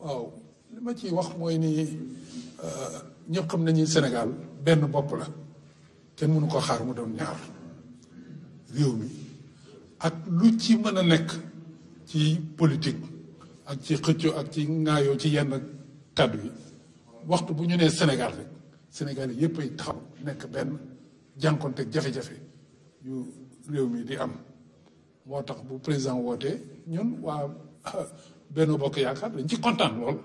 waaw li ma ci wax mooy nii euh, ñëpp xam nañu Sénégal benn bopp la kenn mënu ko xaar mu doon ñaar réew mi ak lu ci mën a nekk ci politique ak ci xëccoo ak ci ŋaayoo ci yenn kàddu yi waxtu bu ñu nee Sénégal rek Sénégal yëpp ay taxaw nekk benn jànkonte jafe-jafe yu réew mi di am moo tax bu président wootee ñun waa benn bokk yaakaar dañ ci kontaan lool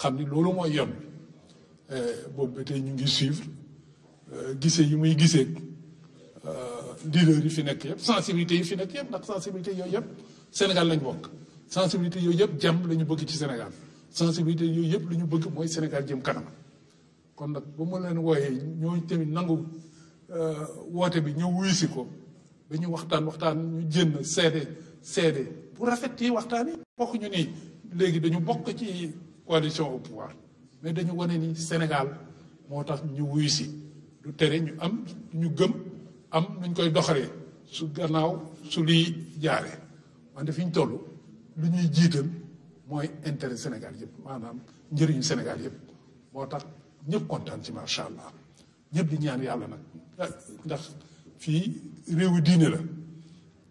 xam ni loolu mooy yoon bi eh, boobu ba tey ñu ngi suivre eh, gisee yi muy gisee eh, leader yi fi nekk yëpp sensibilité yi fi nekk yëpp ndax sensibilité yooyu yëpp Sénégal lañ bokk sensibilité yooyu yëpp jàmm la ñu bëgg ci Sénégal sensibilité yooyu yëpp lu ñu bëgg mooy Sénégal jëm kanam kon nag bu ma leen wooyee ñooñu tamit nangu woote bi ñëw wuyu si ko dañu waxtaan waxtaan ñu jënn seede seede bu rafet ci waxtaani ñu ni léegi dañu bokk ci coalition au pouvoir mais dañu wone ni Sénégal motax ñu wuyu si du téré ñu am ñu gëm am nuñ koy doxalee su gannaaw su li jaaree man dafiñ tollu lu ñuy jiital mooy intérêt Sénégal yëpp maanaam njëriñu Sénégal yëpp moo tax ñëpp kontaan ci macha allah ñëpp di ñaan yàlla nag ndax fii réewu diine la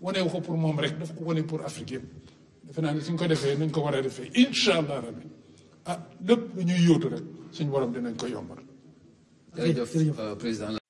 waneewu ko pour moom rek daf ko wane pour Afrique yëpp defe naa ne suñ ko defee nañ ko war a defee incha allah rabbi ah lépp lu ñuy yóotu rek suñ borom dinañ ko yombal. jërëjëf euh, président.